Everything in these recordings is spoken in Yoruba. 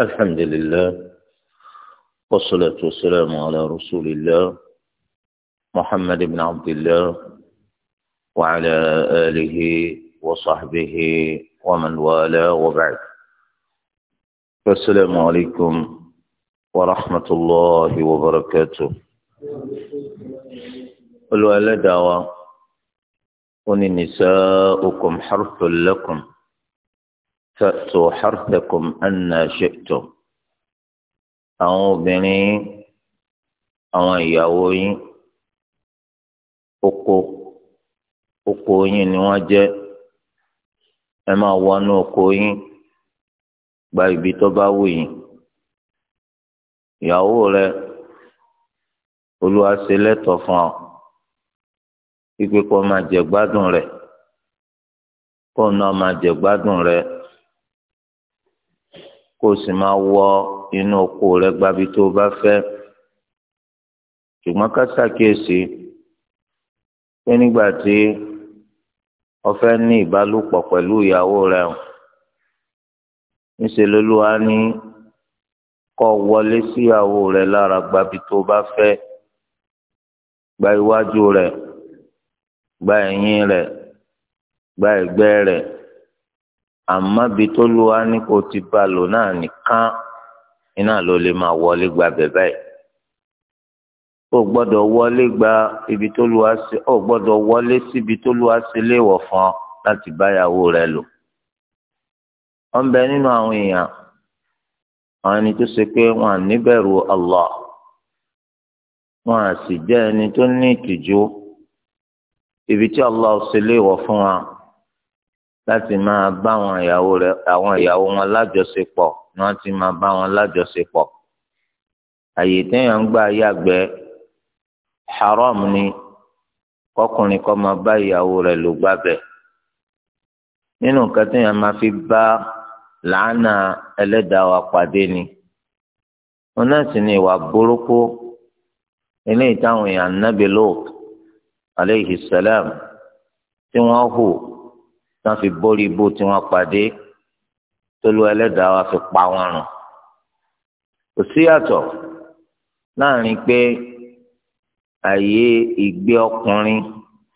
الحمد لله والصلاة والسلام على رسول الله محمد بن عبد الله وعلى آله وصحبه ومن والاه وبعد السلام عليكم ورحمة الله وبركاته الوالد ونساؤكم حرث لكم فأتوا حرثكم أن شئتم àwọn obìnrin àwọn ìyàwó yín oko oko yín ni wọ́n jẹ́ ẹ máa wọnú oko yín gba ibi tó bá wù yín ìyàwó rẹ olúwa ṣe lẹ́tọ̀ọ́ fún ọ wípé máa jẹ gbádùn rẹ kó náà máa jẹ gbádùn rẹ kó o sì máa wọ inú oko rẹ gbabi tó o bá fẹ́ ṣùgbọ́n ká ṣàkíyèsí pé nígbà tí o fẹ́ ní ìbálòpọ̀ pẹ̀lú ìyàwó rẹ o níṣẹ́ lolúwa ní kó wọlé síyàwó rẹ lára gbabi tó o bá fẹ́ gba iwájú rẹ gba ẹ̀yìn rẹ gba ẹ̀gbẹ́ rẹ. àmọ́ bí tó lu wa ní kò ti bá lò náà nìkan iná ló lè máa wọlé gba bẹ̀bẹ̀ yìí ó gbọ́dọ̀ wọlé gba ibi tó lu wa sí ó gbọ́dọ̀ wọlé síbi tó lu wa sí léèwọ̀ fún ọ láti ìyàwó rẹ lò ó ń bẹ nínú àwọn èèyàn àwọn ẹni tó ṣe pé wọ́n á níbẹ̀rù Allah wọn à sì jẹ́ ẹni tó ní ìtìjú ibi tí Allah ṣe léèwọ̀ fún wa. láti máa bá àwọn ìyàwó rẹ àwọn ìyàwó wọn lájọṣepọ̀ ni wọ́n ti máa bá wọn lájọṣepọ̀ àyè téèyàn ń gbà yàgbẹ́ haram ni kọkùnrin kó máa bá ìyàwó rẹ lò gbàbẹ nínú nǹkan téèyàn máa fi bá làánà ẹlẹ́dàá wa pàdé ni wọn náà sì ní ìwà burúkú eléyìí táwọn èèyàn nábì lò alayhi salam tí wọ́n hù tí wọ́n fi borí ibú tí wọ́n pàdé tólú ẹlẹ́dàá wa fi pa wọ́n run kò síyàtọ̀ láàrin pé àyè ìgbé ọkùnrin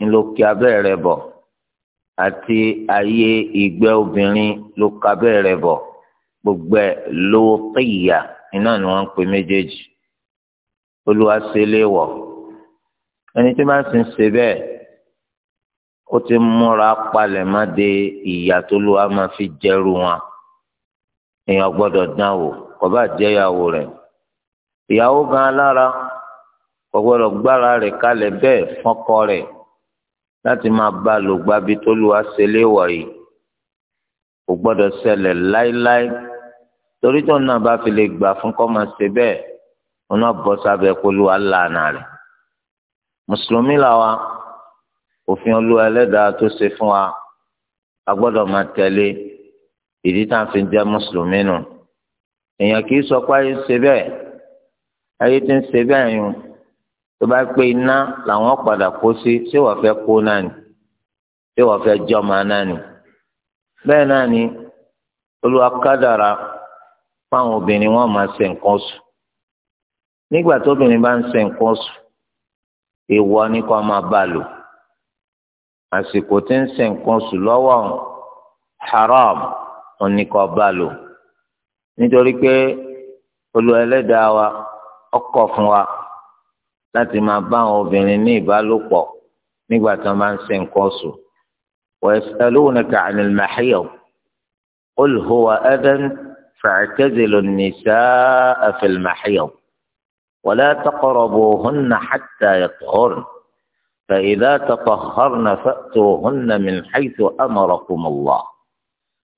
ńlọkì abẹ́rẹ́ bọ̀ àti àyè ìgbé obìnrin lókè abẹ́rẹ́ bọ̀ gbogbo ẹ̀ lówó péyà iná ni wọ́n ń pe méjèèjì olúwa ṣe léwọ̀ ẹni tí wọ́n bá ń ṣe bẹ́ẹ̀ ó ti múra palẹ̀ má de ìyà tó ló wá máa fi jẹ́rù wọn èèyàn gbọ́dọ̀ dán wò kó bá jẹ́ ìyàwó rẹ̀ ìyàwó gan alára kò gbọ́dọ̀ gbára rẹ̀ kalẹ̀ bẹ́ẹ̀ fọ́kọ rẹ̀ láti máa bá a lò gbabi tó ló wá ṣẹlẹ̀ wọ̀nyí kò gbọ́dọ̀ ṣẹlẹ̀ láéláé torí tó náà bá fi lè gbà fún kó máa ṣe bẹ́ẹ̀ wọn náà bọ́ sábẹ́ kó ló wá lànà rẹ̀ mùsùlùmí làwọn òfin olúwa ẹlẹ́dàá tó ṣe fún wa a gbọ́dọ̀ máa tẹ̀lé ìdí tá à ń fi jẹ́ mùsùlùmí nù èèyàn kì í sọ pé ayé ń ṣe bẹ́ẹ̀ ayé ti ń ṣe bẹ́ẹ̀ yun tó bá pé iná làwọn padà kó sí ṣé wàá fẹ́ kó náà ni ṣé wàá fẹ́ jọmọ náà ni bẹ́ẹ̀ náà ni olúwa kádàrá fáwọn obìnrin wọn máa ṣe nǹkan oṣù nígbà tóbìnrin bá ń ṣe nǹkan oṣù èèwọ̀ ni kó máa bá lò àsìkò tí ń ṣe nǹkan oṣù lọ́wọ́ haram oníkọ́ bá lò nítorí pé olú ẹlẹ́dàá wa ọkọ̀ fún wa láti máa bá àwọn obìnrin ní ìbálòpọ̀ nígbà tí wọ́n máa ń ṣe nǹkan oṣù wa yas'alunaka 'anil mahiyd qul huwa adhan fa'tazilu an-nisaa fil mahiyd wa la فإذا تطهرن فأتوهن من حيث أمركم الله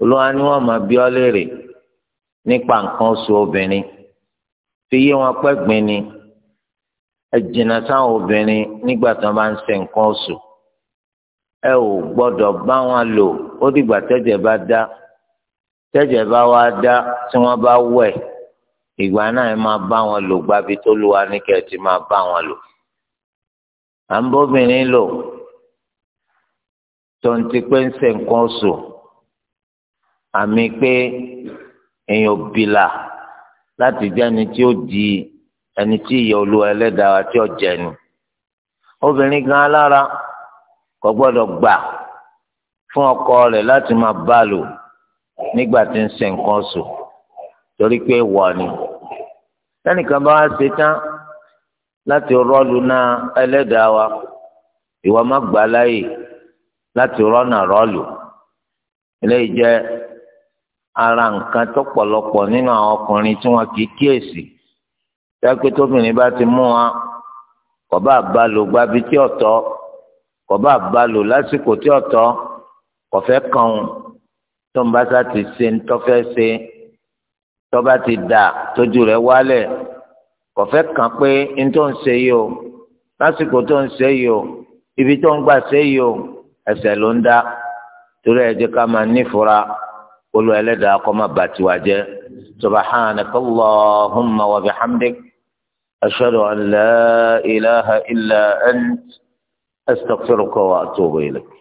Olúwa ni wọ́n máa bi ọ́ léèrè nípa nǹkan oṣù obìnrin fi yé wọn pẹ́ gbin ni ẹ jìnnà sáwọn obìnrin nígbà tí wọ́n bá ń ṣe nǹkan oṣù ẹ ò gbọ́dọ̀ bá wọn lò ó dìgbà tẹ́jẹ̀ bá dá tẹ́jẹ̀ bá wá dá tí wọ́n bá wẹ̀ ìgbà náà ẹ máa bá wọn lò gbàbí tó lù wá ní kẹ́ ẹ ti máa bá wọn lò à ń bóbìnrin lò tó ń ti pé ń ṣe nǹkan oṣù àmì pé èèyàn bìlà láti jẹ́ ẹni tí ó di ẹni tí ìyá olúwa ẹlẹ́dàá tí ó jẹ ni obìnrin gan alára kò gbọ́dọ̀ gbà fún ọkọ rẹ̀ láti máa bá a lò nígbà tí ń ṣe nǹkan oṣù torí pé wọ̀ ni tẹ́nìkan bá wá ṣe tán láti rọ́ọ̀lù náà ẹlẹ́dàá wa ìwà má gbà láàyè láti rọ́nà rọ́ọ̀lù eléyìí jẹ́ ara nǹkan tó pọ̀lọpọ̀ nínú àwọn ọkùnrin tí wọ́n kì í kíyèsí dápẹ́ tóbìnrin bá ti mú wa kò bá bá lò gbábi tí ọ̀tọ̀ kò bá bá lò lásìkò tí ọ̀tọ̀ kò fẹ́ kàn ún tó ń bá sá ti ṣe ń tọ́fẹ́ ṣe tó bá ti dà tójú rẹ̀ wálẹ̀ kọfẹ kan pé n tó ń ṣe yìí o lásìkò tó ń ṣe yìí o ibi tó ń gbà ṣe yìí o ẹ̀ṣẹ̀ ló ń dá torí ẹ jẹ́ ká máa nífura olú Ẹlẹ́dàá kó má bà tiwa jẹ́ subhanaka allahumma wa bihamdik ashhadu an la ilaha illa ant astaghfiruka wa atubu ilayk.